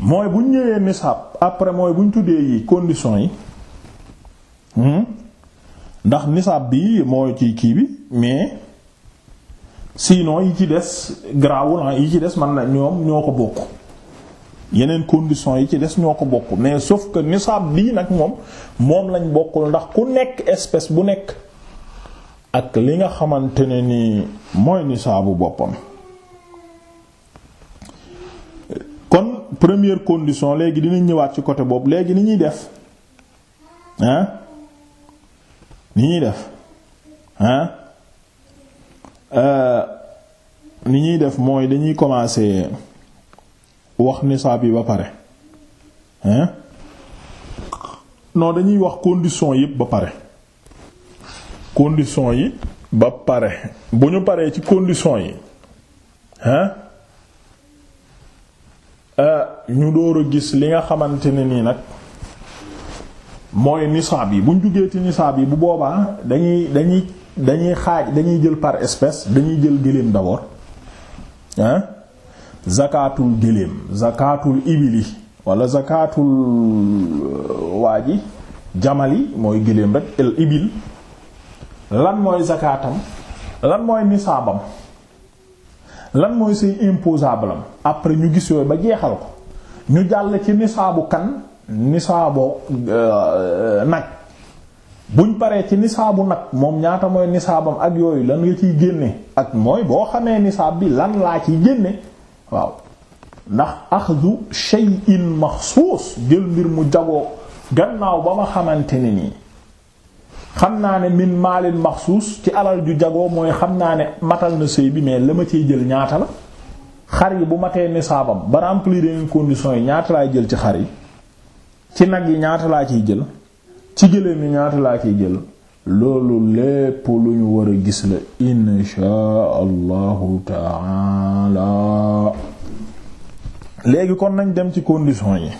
mooy bu ñu ñëwee nisaab après mooy bu ñu tuddee yi conditions yi hmm? ndax nisaab bi mooy ci kii bi mais sinon yi ci des grawul ah, yi ci des man na ñoom ñoo ko bokk yeneen conditions yi ci des ñoo ko bokk mais sauf que nisaab bii nag moom moom lañ bokkul ndax ku nekk espèce bu nekk ak li nga xamante ne nii mooy nisaabu boppam kon première condition léegi dinañ ñëwaat ci côté boobu léegi ni ñuy def hein ni ñuy def hein euh, ni ñuy def mooy dañuy commencer wax nisaab bi ba pare hein non dañuy wax condition yépp ba pare conditions yi ba pare bu ñu paree ci conditions yi hein euh, ñu door a gis li nga xamante ne nii nag mooy nisaab yi bu ñu jugee ci nisaab yi bu boobaa dañuy dañuy dañuy xaaj dañuy jël par espèce dañuy jël gëléem d'abord hein zakaatul gëléem zakaatul yi wala zakaatul euh, waa ji jamali mooy gëléem rek ibil lan mooy zakaatam lan mooy nisaabam lan mooy say imposable après ñu gis yooyu ba jeexal ko ñu jàll ci nisaabu kan nisaabo euh, nag buñ paree ci nisaabu nag moom ñaata mooy nisaabam ak yooyu lan nga ciy génne ak mooy boo xamee nisaab bi lan laa ciy génne waaw ndax axdu shay'in maxsuus jël mbir mu jagoo gannaaw ba ma xamante ne nii xam naa ne min maalin maxsuus ci alal ju jagoo mooy xam naa ne matal na sëy bi mais la ma ciy jël ñaata la xar yi bu matee nisaabam ba remplir une condition yi ñaata laay jël ci xar yi ci nag yi ñaata laa ciy jël ci gëléem yi laa ciy jël loolu lépp lu ñu war a gis la inshaa allahu taala léegi kon nañ dem ci condition yi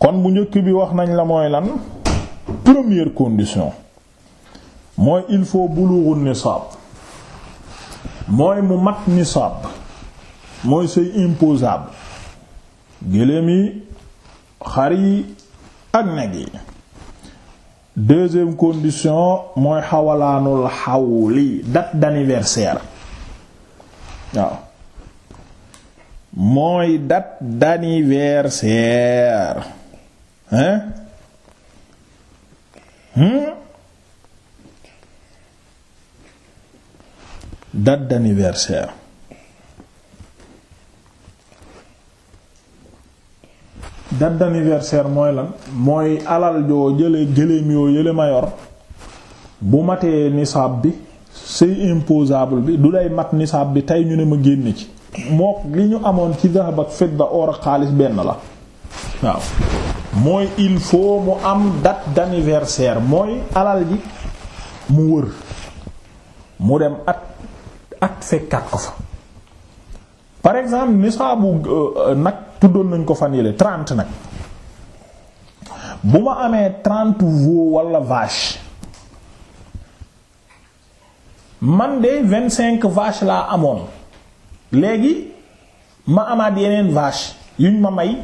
kon bu njëkk bi wax nañ la mooy lan première condition mooy il faut bulughun nisaab mooy mu mat nisaab mooy c'est imposable gëléem yi xar yi ak nag yi deuxième condition mooy xawalaanul xawli date d'anniversaire waaw mooy date d'anniversaire hein Hmm? date mooy lan mooy alal joo jële gëléem yoo yële ma bu matee nisaab bi c'est imposable bi du day mat nisaab bi tey ñu ne ma génn ci mook li ñu amoon ci dahab ak fidda or ak xaalis benn la waaw mooy il faut mu am date d'anniversaire mooy alal ji mu wër mu dem at at fekkaat ko fa par exemple nisaabu euh, nag tuddoon nañ ko fan yële trente nag bu ma amee trente veau walla vache man de vingt cinq vaches laa amoon léegi ma amaat yeneen vache yuñ ma may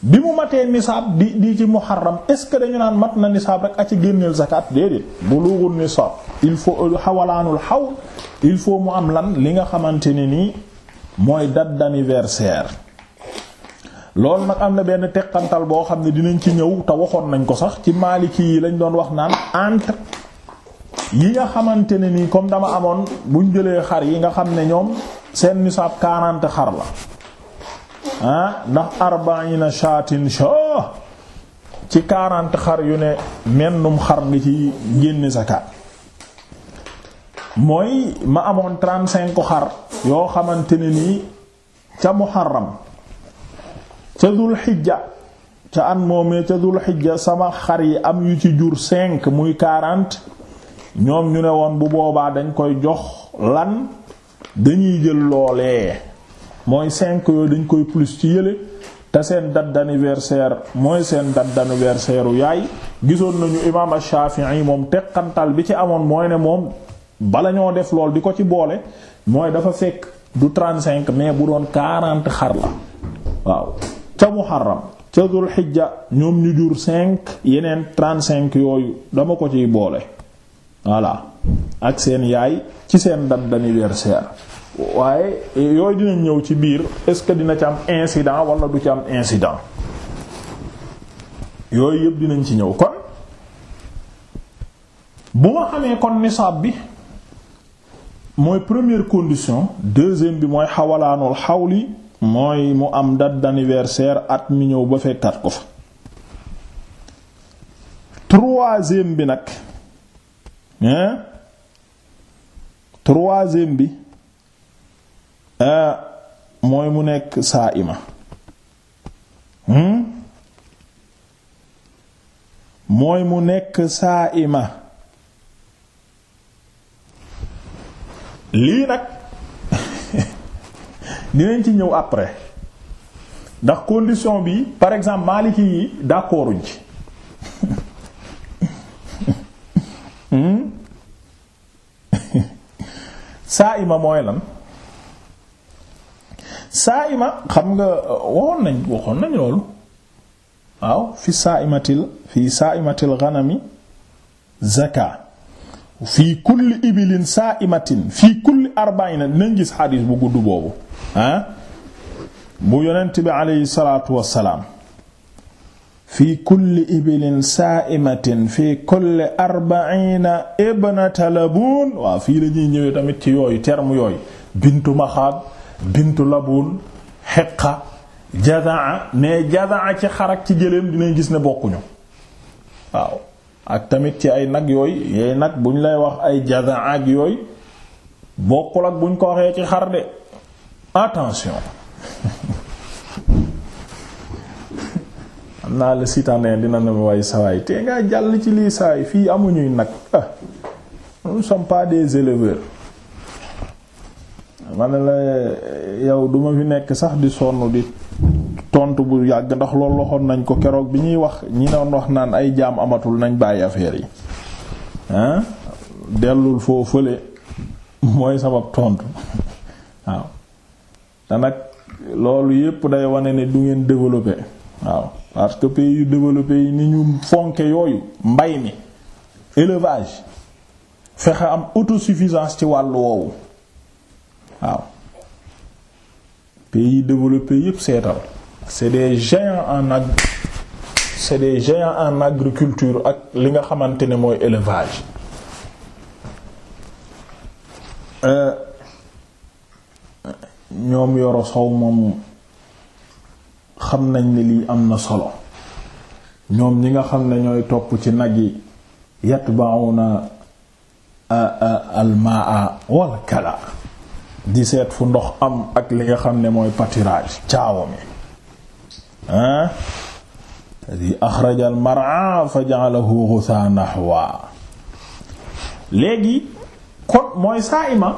bi mu matee nisaab di di ci muharram est ce que dañu naan mat na nisaab rek a ci génneel zakat déedéet bulughul nisaab il faut euh, xawalaanul xaw il faut mu am lan li nga xamante ne nii mooy date d'anniversaire loolu nag am na benn teqantal boo xam ne dinañ ci ñëw te waxoon nañ ko sax ci maaliki yi lañ doon wax naan entre yi nga xamante ne nii comme dama amoon buñ jëlee xar yi nga xam ne ñoom seen nisaab 40 xar la ah ndax arbaina shaatin sha ci quarante xar yu ne mennum xar nga ci génne zakat mooy ma amoon trente-cinq xar yoo xamante ne nii ca muharram ca dul xijja ca an moomee ca dul xijja sama xar yi am yu ci jur cinq muy quarante ñoom ñu ne woon bu boobaa dañ koy jox lan dañuy jël loolee mooy cinq yooyu dañ koy plus ci yële te seen date d'anniversaire mooy seen date d'anniversaire u yaay gisoon nañu imaam Ash-Shafi'i moom teqantal bi ci amoon mooy ne moom bala ñoo def lool di ko ci boole mooy dafa fekk du 35 mais bu doon 40 xar la waaw ca Muharram ca Dul Hijja ñoom ñu jur 5 yeneen 35 yooyu dama ko ciy boole voilà ak seen yaay ci seen date d'anniversaire waaye yooyu dinañ ñëw ci biir est-ce que dina ci am incident wala du ci am incident yooyu yëpp dinañ ci ñëw kon bu nga xamee kon nisaab bi mooy première condition deuxième bi mooy xawalaanul xawli mooy mu am date d'anniversaire at mi ñëw ba fekkat ko fa troisième bi nag hein troisième bi Eh, mooy mu nekk saa ima hmm? mooy mu nekk saa ima lii nag dinañ ci ñëw après ndax condition bi par exemple maaliki yi d'accorduñ ci hmm? saa ima mooy lan saa ima xam nga euh, waxoon nañ loolu waaw fi saa fi saa imatil ghanami zaka fii kulli ibilin saa imatin fii kulli arba'ina dinañ xadiis bu gudd boobu ah bu yonent bi aleyhi salaatu wassalaam fii kulli ibilin saa'imatin fii kulli arba'ina ibnata waaw fii la ñuy tamit ci yooyu terme yooyu bintu maxaad bintu labun xeqa jazaa mais jazaa ci xarak ci gëléem dinañ gis ne bokkuñu waaw ak tamit ci ay nag yooyu yooyu nag bu lay wax ay jazaa ak yooyu bokkul ak buñ ko waxee ci xar de attention am naa la sitaanee dina ne waaye sawaay te ngaa jàll ci lii sawaay fii amuñuy nag ah nous pas des éleveurs ma la yow duma fi nekk sax di sonn di tontu bu yàgg ndax loolu waxoon nañ ko keroog bi ñuy wax ñi doon wax naan ay jaam amatul nañ bàyyi affaire yi ah dellul foo fële mooy sabab tontu waaw te nag loolu yépp day wane ne du ngeen développé waaw parce que pays yu développé yi ni ñu fonke yooyu mbay mi élevage fexe am autosuffisance ci wàll woowu waaw pays développés yépp seetal c'est des géants en ag c'est des géants en agriculture ak li nga xamante ne mooy élevage euh, ñoom yoro sow moom xam nañ ni lii am na solo ñoom ñi nga xam ne ñooy topp ci nag yi yatba'una al ma'a wal kala di seet fu ndox am ak li nga xam ne mooy pâturage caawa mi ah di axraja al mar'a fa ja'alahu ghuthan nahwa léegi kon mooy saa'ima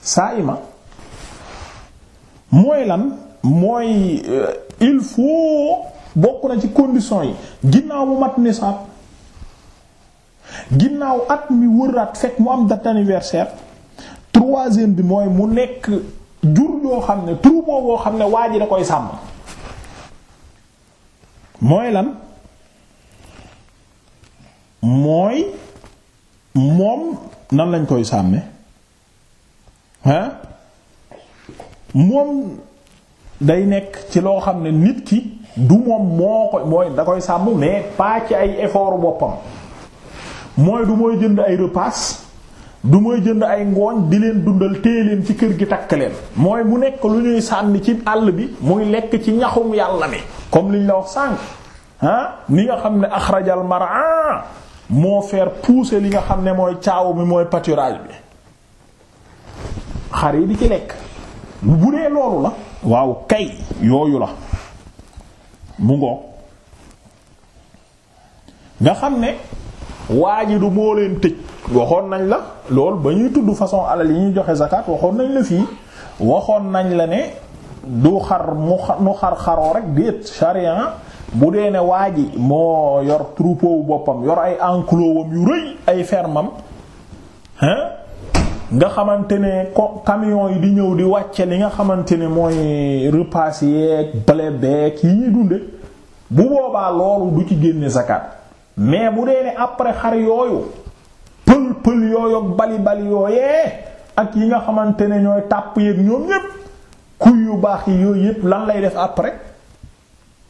saa'ima mooy lan mooy euh, il faut bokk na ci condition yi ginnaaw mu mat nisaab ginnaaw at mi wëraat fekk mu am date anniversaire tawazin bi mooy mu nekk jur yoo xam ne troupeau boo xam ne waa ji da koy sàmm mooy lan mooy moom nan lañ koy sàmme hein moom day nekk ci loo xam ne nit ki du moom moo koy mooy da koy sàmm mais pas ci ay effort boppam mooy du mooy jënd ay repas du mooy jënd ay ngooñ di leen dundal téye leen ci kër gi takk leen mooy mu nekk lu ñuy sànni ci àll bi muy lekk ci ñaxum yàlla mi comme liñ la wax sànq ah nga xam ne axrajal mar'a moo faire pousser li nga xam ne mooy caaw bi mooy pâturage bi xar yi di ci lekk bu dee loolu la waaw kay yooyu la mu ngoog nga xam ne waa ji du moo leen tëj waxoon nañ la lool ba ñuy tudd façon alal yi ñuy joxe zakat waxoon nañ la fii waxoon nañ la ne du xar mu nu xar xaroo rek déet sharia bu dee ne waa ji moo yor troupeau boppam yor ay enclos wam yu rëy ay fermam hein nga xamante ne ko camion yi di ñëw di wàcce li nga xamante ne mooy repas yeeg blé beeg yi ñuy dunde bu boobaa loolu du ci génne zakat mais bu dee ne après xar yooyu pël pël yooyu bali bali yooyee ak yi nga xamante ne ñooy tàpp yeeg ñoom ñépp kuy yu baax yi yooyu yépp lan lay def après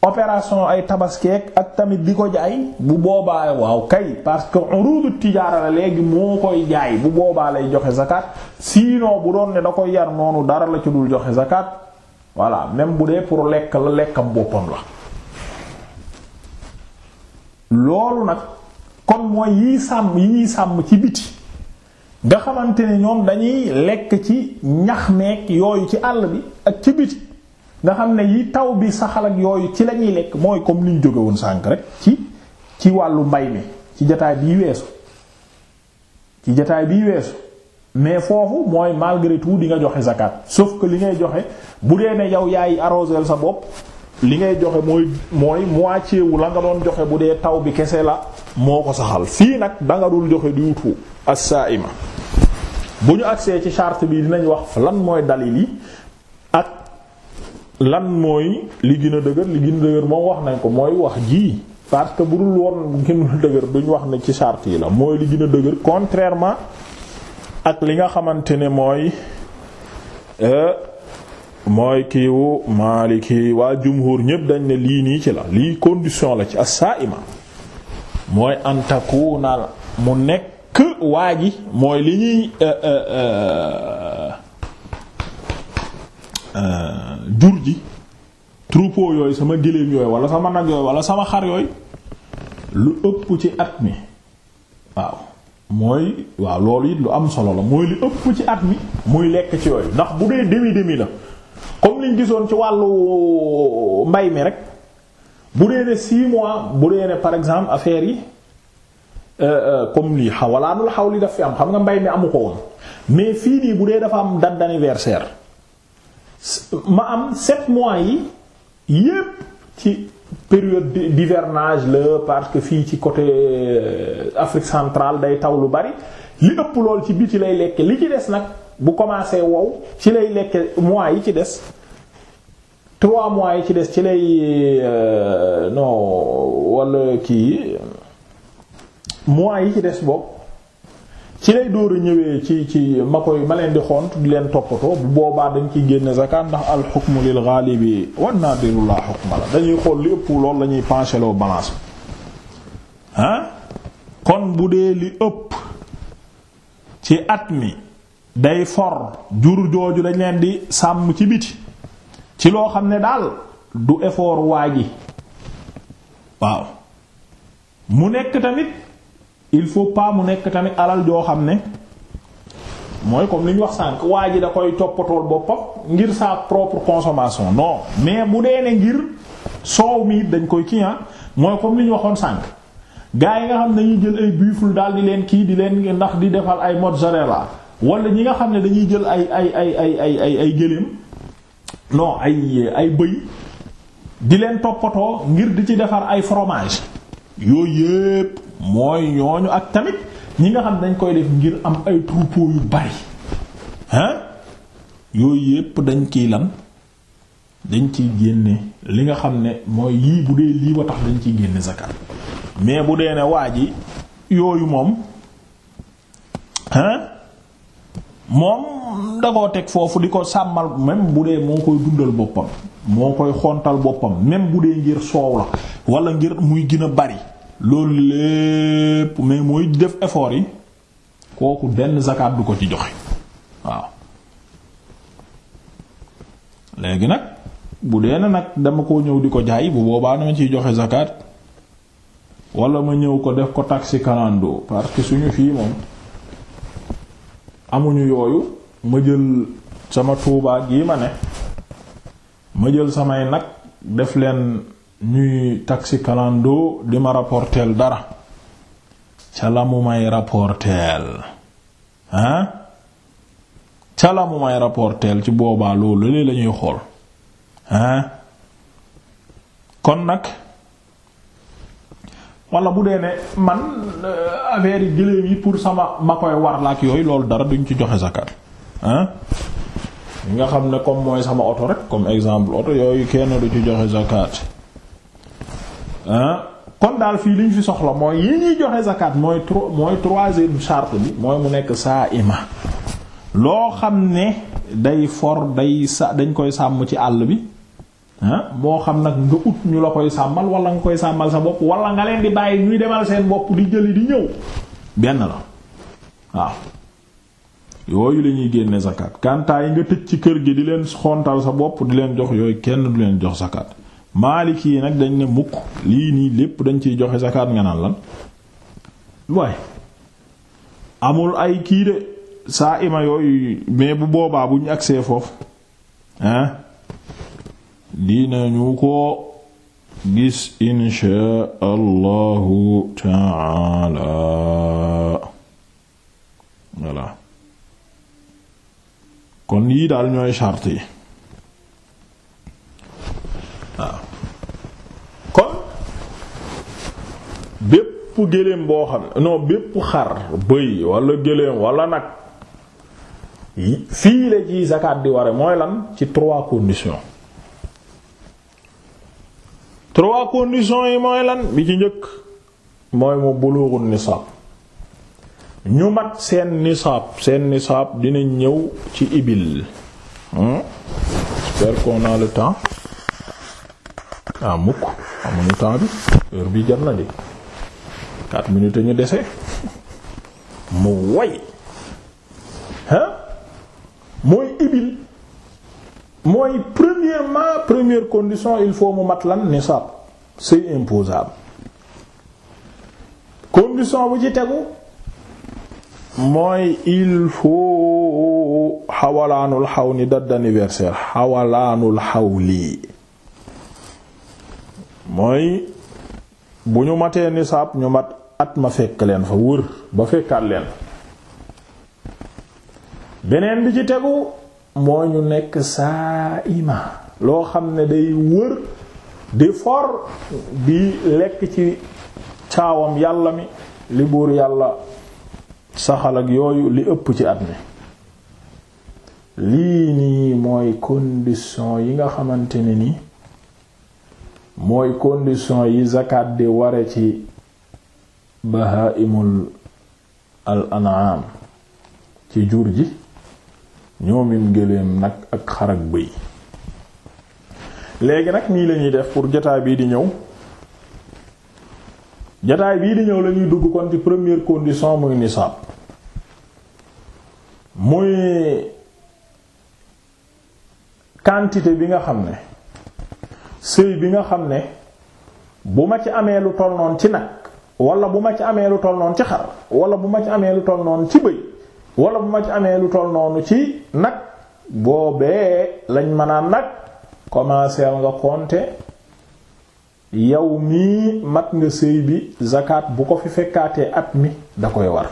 opération ay tabaskeek ak tamit di ko jaay bu boobaa waaw kay parce que urudu tijaara la léegi moo koy jaay bu boobaa lay joxe zakat sinon bu doon ne da koy yar noonu dara la ci dul joxe zakat voilà même bu dee pour lekk la lekkam boppam la loolu nag kon mooy yi sàmm yi ñuy sàmm ci biti nga xamante ne ñoom dañuy lekk ci ñax meek yooyu ci àll bi ak ci biti nga xam ne yi taw bi saxal ak yooyu ci la ñuy lekk mooy comme li ñu jóge woon sànk rek ci ci wàllu mbay mi ci jataay bii weesu ci jataay bii weesu mais foofu mooy malgré tout di nga joxe zakat sauf que li ngay joxe bu dee ne yow yaay arroser sa bopp li ngay joxe mooy mooy moitié wu la nga doon joxe bu dee taw bi kese la moo ko saxal fii nag danga dul joxe du wutu as-sa'ima bu ñu agsee ci charte bii dinañ wax lan mooy dalil yi ak lan mooy li gën a dëgër li gën a dëgër moom wax nañ ko mooy wax jii parce que bu dul woon gënul dëgër duñ wax ne ci charte yi la mooy li gën a dëgër contrairement ak li nga xamante ne mooy. Euh, mooy kiiwu maaliki waa jumhur ñépp dañ ne lii nii ci la lii condition la ci as-sa'ima mooy antakuuna mu nekk waa ji mooy li ñuy euh, euh, euh, jur ji troupeau yooyu sama géléem yooyu wala sama nag yooyu wala sama xar yooyu lu ëpp ci at mi waaw mooy waaw loolu it lu am solo la mooy lu ëpp ci at mi muy lekk ci yooyu ndax bu dee demi demi la comme liñ gisoon ci wàllu mbay mi rek bu dee ne 6 mois bu dee ne par exemple affaire yi euh, euh, comme lii xaw walaanul xaw li def fi am xam nga mbay mi amu ko woon mais fii nii bu dee dafa am date d'anniversaire ma am 7 mois yi yépp ci période divernage la parce que fii ci côté euh, Afrique centrale day taw lu bari li ëpp lool ci biti lay lekke li ci des nag. bu commencé wow ci lay lekk mois yi ci des trois mois yi ci des ci lay euh, non wala kii mois yi ci des boobu ci lay dóor a ñëwee ci ci ma koy ma leen di xont di leen toppatoo bu boobaa dañ ciy génn zakat ndax al xukmu lil ghalibi wan nadiru la xukma la dañuy xool li ëpp loolu la ñuy pencher loo balance ah kon bu dee li ëpp ci at mi day for jur jooju dañ leen di sàmm ci biti ci loo xam ne daal du effort waa ji waaw mu nekk tamit il faut pas mu nekk tamit alal joo xam ne mooy comme li ñu wax sànq waa ji da koy toppatool boppam ngir sa propre consommation non mais bu dee ne ngir soow mi dañ koy kii ah mooy comme li ñu waxoon sànq gaa yi nga xam ne dañuy jël ay buffle daal di leen kii di leen ndax di defal ay mozzarella wala ñi nga xam ne dañuy jël ay ay ay ay ay ay ay gëléem non ay ay bëy di leen toppatoo ngir di ci defar ay fromage yooyu yépp mooy ñooñu ak tamit ñi nga xam dañ koy def ngir am ay troupeau yu bari hein yooyu yépp dañ ciy lan dañ ci génne li nga xam ne mooy lii bu dee lii ba tax dañ ci génne zakat mais bu dee ne waa ji yooyu moom hein moom da koo teg foofu di ko sàmmal même bu dee moo koy dundal boppam moo koy xontal boppam même bu dee ngir soow la wala ngir muy gën a bari loolu lépp mais mooy def effort yi kooku benn zakat du ko ci joxe waaw léegi nag bu dee na nag dama koo ñëw di ko jaay bu boobaa dama ciy joxe zakat wala ma ñëw ko def ko taxi kanando parce que suñu fii moom amuñu yooyu ma jël sama tuubaa gii ma ne ma jël samay nag def leen ñuy taxi kalandoo di ma rapporteel dara ca la mu may rapporteel ah ca la mu may rapporteel ci boobaa loolu li lañuy xool ah kon nag wala bu dee ne man euh, affaire yi gëléem yi pour sama ma koy war la ak yooyu loolu dara duñ ci joxe zakat ah ñi nga xam ne comme mooy sama oto rek comme exemple oto yooyu kenn du ci joxe zakat ah kon daal fii liñ fi soxla mooy yi ñuy joxe zakat mooy trois mooy troisième charte bi mooy mu nekk saa ima loo xam ne day for day sa dañ koy sàmm ci àll bi moo xam nag nga ut ñu la koy sàmbal wala nga koy sàmmal sa bopp wala nga leen di bàyyi ñuy demal seen bopp di jëli di ñëw benn la waaw yooyu la ñuy génne zakat kantaa yi nga tëj ci kër gi di leen xontal sa bopp di leen jox yooyu kenn du leen jox zakat maaliki yi nag dañ ne mukk lii nii lépp dañ ciy joxe zakat nga naan lan waaye amul ay kii de saa ima yooyu mais bu boobaa bu ñu agsee foofu hein dinañu ko gis inshaa allahu taala kon yii daal ñooy charte yi waaw kon bépp géléem boo xam non bépp xar bëy wala géléem wala nag fii la ci zakat di ware mooy lan ci trois conditions trois conditions yi mooy lan bi ci njëkk mooy mu bulughun nisaab ñu mat seen nisaab seen nisaab dina ñëw ci ibil hmm? j'espère qu'on le temps ah mukk amuñu temps bi heure bi jar na di quatre ñu dese mu way hein mooy ibil mooy premièrement première condition il faut mu mat lan nisaab c'est imposable condition bu ci tegu mooy il faut xawalaanul xaw ni date d'anniversaire xawalaanul xaw lii mooy bu ñu matee nisaab ñu mat at ma fekk leen fa wër ba fekkaat leen beneen bi ci tegu moo ñu nekk saa ima loo xam ne day wër di for di lekk ci caawam yàlla mi li buur yàlla saxal yooyu li ëpp ci at mi lii nii mooy condition yi nga xamante ne ni mooy condition yi zakat di ware ci bahaimul al an'am ci jur ji ñoomim gëléem nag ak xar ak bëy léegi nag nii lañuy def pour jotaay bii di ñëw jotaay bii di ñëw lañuy dugg kon ci première condition muy nisaab muy quantité bi nga xam ne sëy bi nga xam ne bu ma ci amee lu toll noon ci nag walla bu ma ci amee lu toll noon ci xar wala bu ma ci amee lu toll noon ci bëy wala bu ma ci amee lu toll noonu ci nag boobee lañ mënaan nag commencé nga compter yow mii mat nga sëy bi zakat bu ko fi fekkaatee at mi da koy war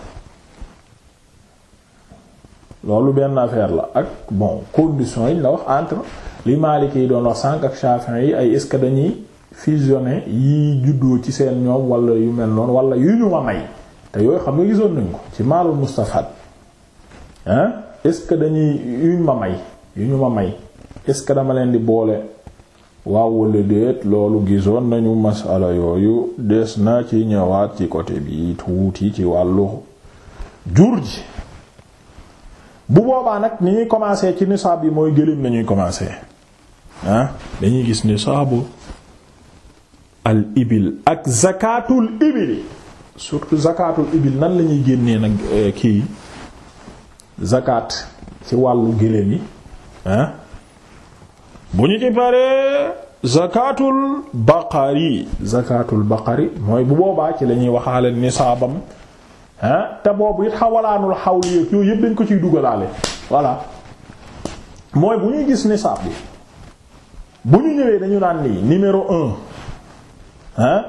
loolu benn affaire la ak bon condition yi la wax entre li Maalik yi doon wax sànq ak Shafi'i yi ay est-ce dañuy fusionner yi juddoo ci seen ñoom wala yu mel noonu wala yu ñu ma may te yooyu xam nga gisoon nañ ko ci maalul mustafad hein est-ce que dañuy yu ñu ma may yu ñu ma may est-ce que dama leen di boole waaw walla déet loolu gisoon nañu masala yooyu des na ci ñëwaat ci côté bi tuuti ci wàllu jur ji bu boobaa nag ni ñuy commencer ci nisaab bi mooy gëléem lañuy commencer ah dañuy gis nisaabu al ibil ak zakatul ibili surtout zakatul ibil nan lañuy génnee nag eh, kii zakat ci wàllu gëléem yi ah bu ñu ci paree zakatul baqari zakatul baqari mooy bu boobaa ci la ñuy waxaale nisaabam ah te boobu it xawalaanul xawli yëpp yooyu yëpp dañ ko ciy duggalaale voilà mooy bu ñuy gis nisaab bi bu ñu ñëwee dañu naan nii numéro un ah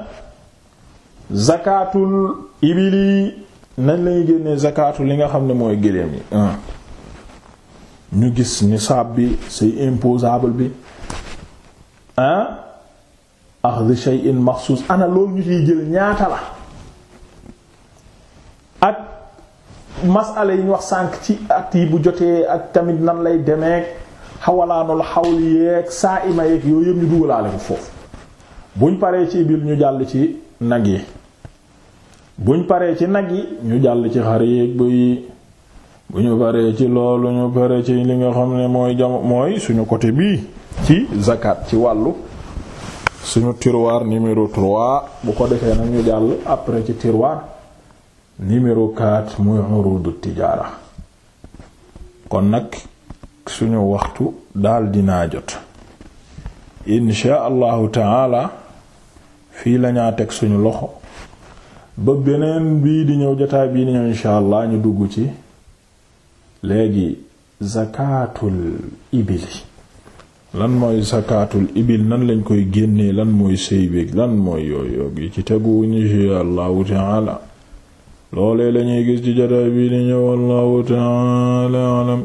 zakatul ibili nañ lañuy génne zakaatu li nga xam ne mooy géléem yi ñu gis nisaab bi c'est imposable bi ah axdi shay'in maxsuus ana loolu ñu ciy jël ñaata la ak masala yi ñu wax sànq ci at yi bu jotee ak tamit nan lay demeek xawalaanul xawli yeeg saa ima yeeg yooyu yëpp ñu dugalaale ko foofu buñ paree ci biir ñu jàll ci nag yi buñ paree ci nag yi ñu jàll ci xar yéeg ba yi bu ñu paree ci loolu ñu pare ci li nga xam ne mooy jam mooy suñu côté bii ci zakat ci wàllu suñu tiroir numéro 3 bu ko defee nag ñu jàll après ci tiroir numéro 4 muy urudu tijaara kon nag suñu waxtu daal dinaa jot insha allahu taala fii lañaa teg suñu loxo ba beneen bii di ñëw jotaay bii di ñëw insha allah ñu dugg ci léegi zakatul ibili lan mooy zakatul ibil nan lañ koy génnee lan mooy sëy beek lan mooy yooyu yi ci tegu insha allahu taala loolee lañuy gis ci jotaay bii di ñëw allahu taala alam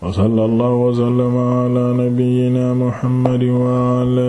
wa sallallahu wa sallama ala nabiyyina muhammadin wa ala